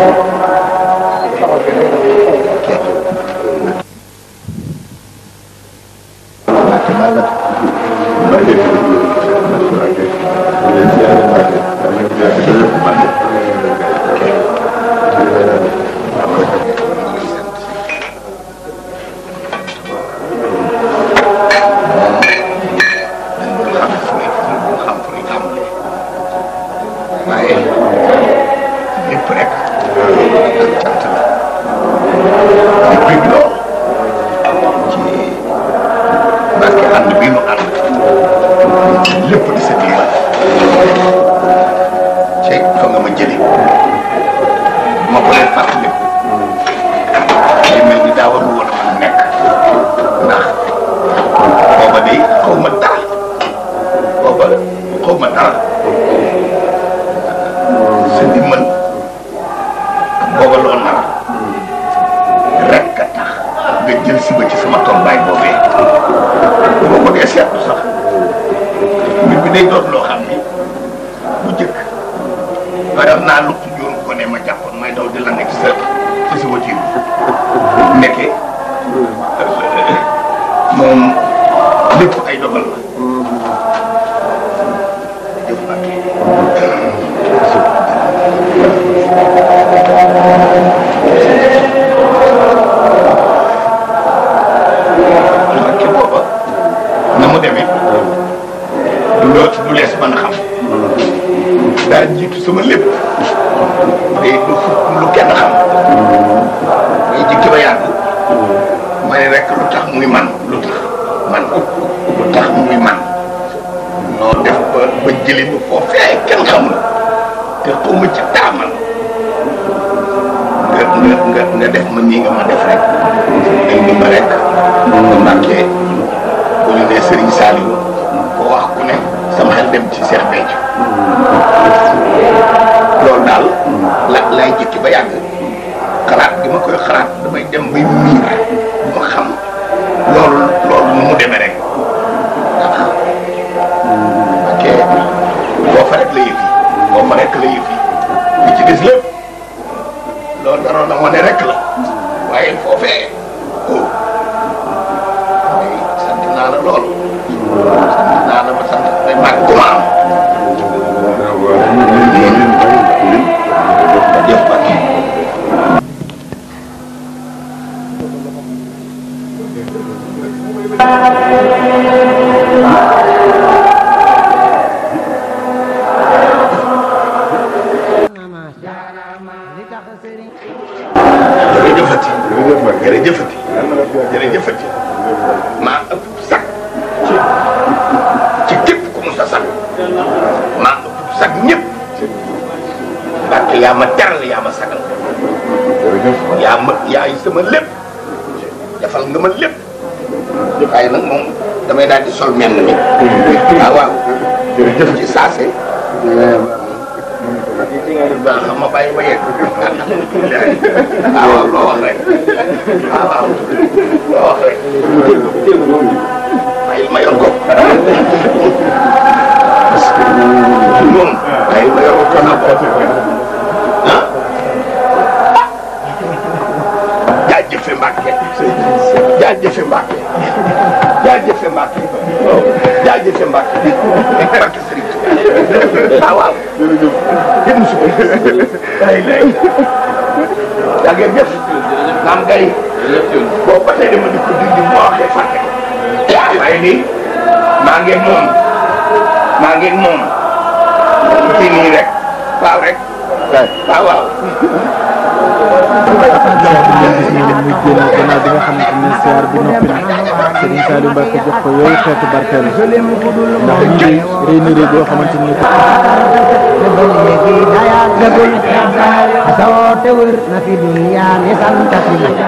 Gracias. booba loolu nag rek a tax nga jël si ba ci sama tombaay boobee boo ko dee seetlu sax mbir bi day doon loo xam ni bu jëkk baram naa lutt ko ne ma jàppoon may daw di la nekk sa ci sa wajir moom lépp ay dogal la jëf Mbàkke booba na mu demee du loot du lees mën a daa jiitu sama lépp day du lu kenn xam ñuy jikki ba yàgg ma ne lu tax muy man lu tax man lu tax muy man noo def ba ba jëli foofee kenn xamul te xawma ci nga def ma nii nga ma def rek dañ ni ma rek nga màggee bu ñu nee Serigne Saliou ko wax ku ne sama xel dem ci Cheikh Béthio loolu daal la lay jëkki ba yàgg xalaat bi ma koy xalaat damay dem bay miir bu ma xam loolu loolu nu mu demee rek ok fa rek la yëf yi boo fa rek la yëf yi li ci des dara la wane rek la waaye foofee ko sant naa la lool sant naa la ba sant mag am Thank you. jërëjëfati jërëjëfati jërëjëfati maa ëpp sax ci képp ku mu sa sax maa ëpp sax ñëpp parce que yaa ma teral yaa ma sagal yaa ma yaay sama lépp defal nga ma lépp waaye nag moom damay daal di sol menn mi mm. ah waaw ci saase eh, li ngay def daal xam ma bàyyi ba yegg. ah waaw loo wax rek ah waaw loo wax rek. bàyyi ma yor ko. parce que moom bàyyi ma yor ko naa ko. ah. jaajëfe Mbàkke. jaajëfe Mbàkke. jaajëfe Mbàkke. jaajëfe Mbàkke. waaw kenn su ko day lay da ngeen jëf naam gay boo ba Serigne Saliou Mbacke jox ko yooyu xeetu barkeel ndax lii de rëy na rëy boo xamante ni ko daya gagul asawoo te wër na fi dunya ni santa si